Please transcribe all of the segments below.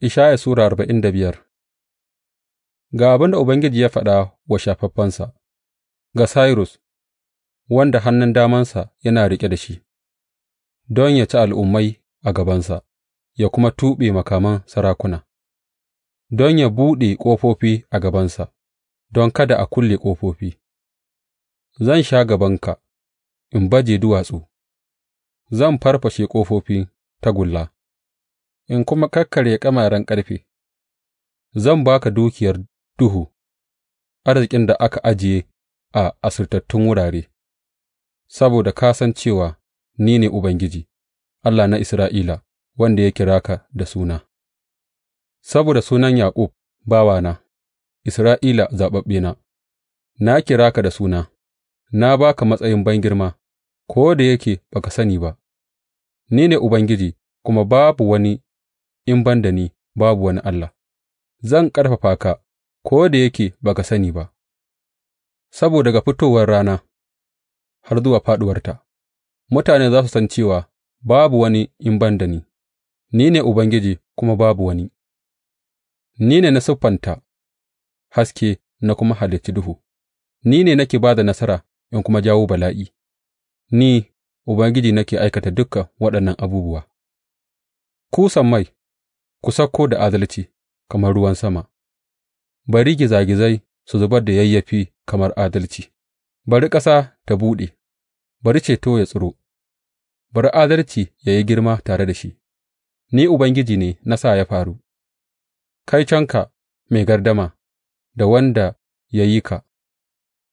Ishaya Sura arba'in da biyar Ga abin da Ubangiji ya faɗa wa shafaffensa, ga Sairus, wanda hannun damansa yana riƙe da shi, don ya ci al'ummai a gabansa, ya kuma tuɓe makaman sarakuna, don ya buɗe ƙofofi a gabansa, don kada a kulle ƙofofi, zan sha gabanka in baje duwatsu, zan farfashe ƙofofin tagulla. in kuma kakkarya kamaran ƙarfe, zan ba ka dukiyar duhu, arzikin da aka ajiye a asirtattun wurare, saboda ka san cewa ni ne Ubangiji, Allah na Isra'ila, wanda ya kira ka da suna, saboda sunan Yaƙub bawana, Isra'ila zaɓaɓɓena, na kira ka da suna, na ba ka matsayin bangirma, ko da yake ba ka sani ba, ni ne Ubangiji, kuma babu wani in ban da ni babu wani Allah; zan ƙarfafa ka ko da yake ba ka sani ba, saboda daga fitowar rana har zuwa fāɗuwarta mutane za su san cewa babu wani in ban da ni, ni ne Ubangiji kuma babu wani, ni ne na siffanta haske na kuma halicci duhu, ni ne nake ba da nasara in kuma jawo bala'i, ni, Ubangiji nake aikata dukan waɗannan abubuwa. Kusan mai. Ku sauko da adalci kamar ruwan sama; bari gizagizai su zubar da yayyafi kamar adalci; bari ƙasa ta buɗe, bari ceto ya tsiro, bari adalci ya yi girma tare da shi, Ni Ubangiji ne na sa ya faru, kaitonka, mai gardama, da wanda ya yi ka,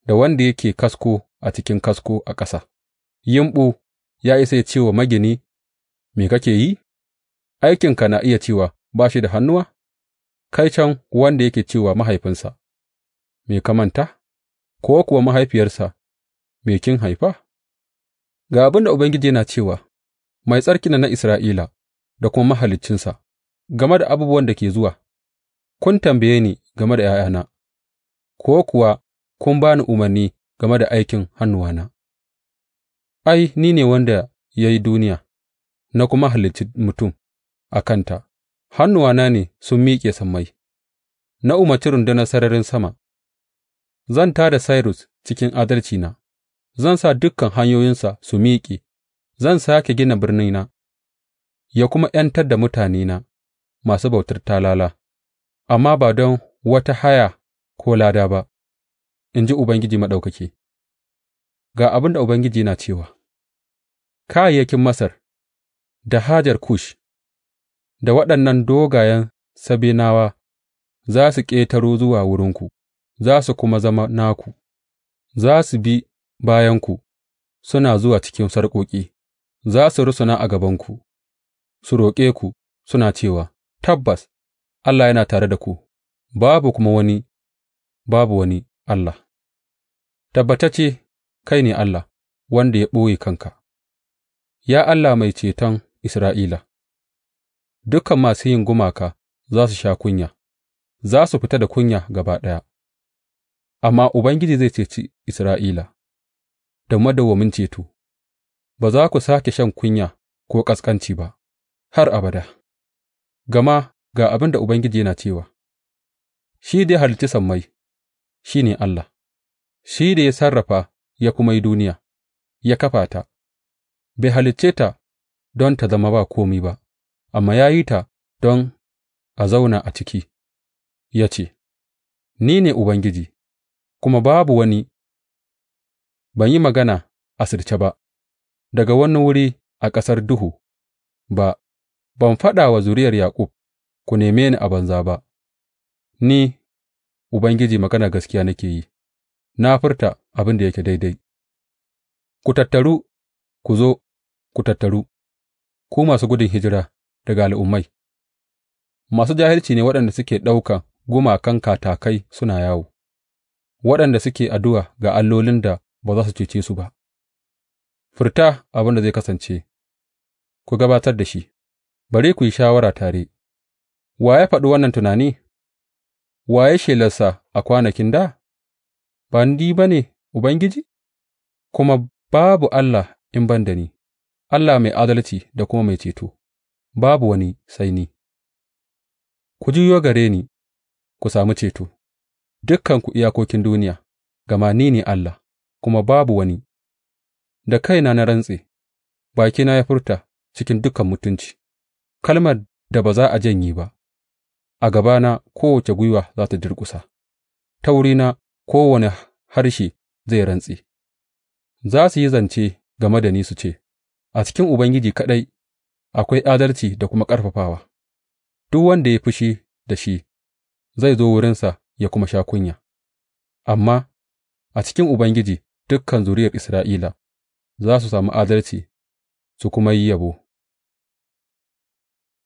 da wanda yake kasko a cikin kasko a ƙasa, yumɓu ya isa ya ce wa magini, Me kake yi?’ aikinka na iya cewa. ba shi da hannuwa? Kai can wanda yake cewa mahaifinsa, Me ka manta, ko kuwa mahaifiyarsa, Me kin haifa? Ga abin da Ubangiji yana cewa, Mai tsarkina na Isra'ila da kuma Mahaliccinsa, game da abubuwan da ke zuwa, kun tambaye ni game da ’ya'yana, ko kuwa kun ba ni umarni game da aikin hannuwana. Ai, ni ne wanda ya yi duniya, na kuma halicci mutum a kanta. hannuwana ne sun miƙe sammai, na umarci rundunar sararin sama, zan tā da Sairus cikin adalcina, zan sa dukkan hanyoyinsa su miƙe, zan sāke gina birnina, ya kuma ’yantar da mutanena masu bautar talala, amma ba don wata haya ko lada ba, in ji Ubangiji Maɗaukaki. Ga abin da Ubangiji yana cewa, Kayayyakin Masar da hajar Kush da waɗannan dogayen Sabinawa za su ƙetaro zuwa wurinku, za su kuma zama naku; za su bi bayanku suna zuwa cikin sarƙoƙi, za su rusuna a gabanku, su roƙe ku, suna cewa, Tabbas, Allah yana tare da ku, babu kuma wani, babu wani Allah; tabbatacce kai ne Allah, wanda ya ɓoye kanka, ya Allah Mai Ceton Isra'ila. dukan masu yin gumaka za su sha kunya, za su fita da kunya gaba ɗaya, amma Ubangiji zai ceci Isra'ila da madawwamin ceto, ba za ku sake shan kunya ko ƙasƙanci ba har abada, gama ga abin da Ubangiji yana cewa, Shi da ya halicci sammai, shi ne Allah, shi da ya sarrafa ya kuma yi duniya, ya kafa ta, bai halicce ta don ta zama ba komi ba. amma ya yi ta don a zauna a ciki, ya ce, Ni ne Ubangiji, kuma babu wani, ban yi magana a asirce ba, daga wani wuri a ƙasar duhu ba, ban faɗa wa zuriyar Yaƙub, ku neme ni a banza ba, ni, Ubangiji magana gaskiya nake yi, na furta abin da yake daidai. Ku tattaru, ku zo, ku tattaru, ku masu gudun hijira daga al'ummai, masu jahilci ne waɗanda suke ɗaukan gumakan katakai suna yawo, waɗanda suke addu'a ga allolin da ba za su cece su ba, furta abin da zai kasance, ku gabatar da shi, bari ku yi shawara tare, wa ya faɗi wannan tunani, wa ya shelarsa a kwanakin da, ba ni ba ne Ubangiji, kuma babu Allah in ban da ni, Allah mai adalci da kuma mai ceto. babu wani sai ni; ku juyo gare ni ku sami ceto, dukanku iyakokin duniya, gama ni ne Allah, kuma babu wani; da kaina na rantse, bakina ya furta cikin dukan mutunci kalmar da ba za a janye ba; a gabana kowace gwiwa za ta durƙusa, ta na kowane harshe zai rantse; za su yi zance game da ni su ce, A cikin Ubangiji kaɗai. akwai adalci da kuma ƙarfafawa; duk wanda ya yi fushi da shi zai zo wurinsa ya kuma sha kunya, amma a cikin Ubangiji dukkan zuriyar Isra'ila za su sami adalci su kuma yi yabo.